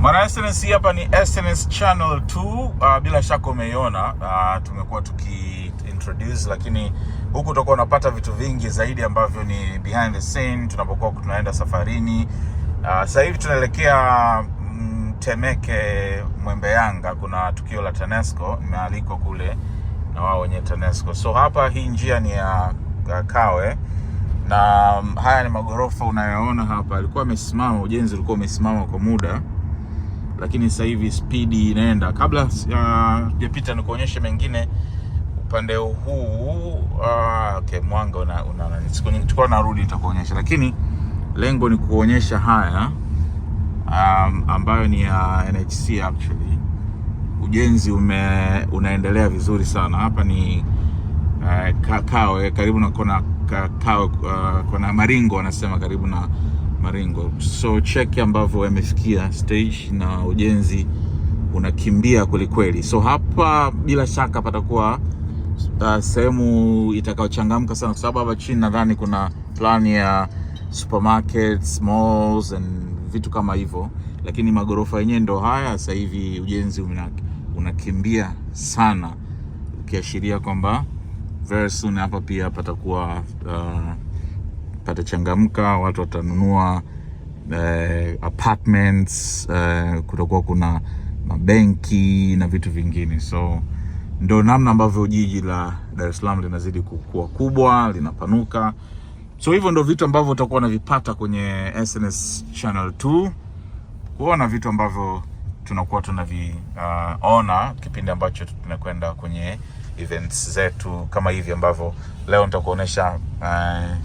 mara Excellence hapa ni Excellence Channel 2. Uh, ah, bila shaka umeiona, uh, tumekuwa tuki introduce, lakini huku utakuwa unapata vitu vingi zaidi ambavyo ni behind the scene tunapokuwa tunaenda safarini. Uh, sasa hivi tunaelekea mm, Temeke Mwembe Yanga, kuna tukio la TANESCO imealikwa kule na wao wenye TANESCO. So hapa hii njia ni ya uh, Kawe na um, haya ni magorofa unayoona hapa, alikuwa amesimama, ujenzi ulikuwa umesimama kwa muda lakini sasa hivi spidi inaenda. Kabla sijapita, uh, nikuonyeshe mengine upande huu uh, okay, mwanga una, una, una, narudi nitakuonyesha, lakini lengo ni kuonyesha haya um, ambayo ni ya uh, NHC actually. Ujenzi ume, unaendelea vizuri sana hapa ni uh, Kawe karibu na kona Kawe, uh, kona Maringo wanasema karibu na Maringo. So cheki ambavyo yamefikia stage na ujenzi unakimbia kwelikweli. So hapa bila shaka patakuwa uh, sehemu itakayochangamka sana, kwa sababu hapa chini nadhani kuna plan ya supermarkets, malls and vitu kama hivyo, lakini magorofa yenyewe ndo haya. Sasa hivi ujenzi unakimbia sana, ukiashiria kwamba very soon hapa pia patakuwa uh, patachangamka, watu watanunua eh, apartments eh, kutakuwa kuna mabenki na vitu vingine, so ndo namna ambavyo jiji la Dar es Salaam linazidi kukua kubwa, linapanuka. So hivyo ndo vitu ambavyo utakuwa unavipata kwenye SNS Channel 2 kuona vitu ambavyo tunakuwa tunaviona uh, kipindi ambacho tunakwenda kwenye events zetu kama hivi ambavyo leo nitakuonesha uh,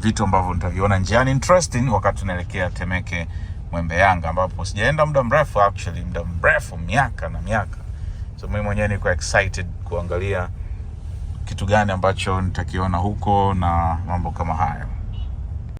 vitu ambavyo nitaviona njiani interesting wakati tunaelekea Temeke Mwembe Yanga, ambapo sijaenda muda mrefu, actually muda mrefu, miaka na miaka. So mimi mwenyewe niko excited kuangalia kitu gani ambacho nitakiona huko na mambo kama hayo.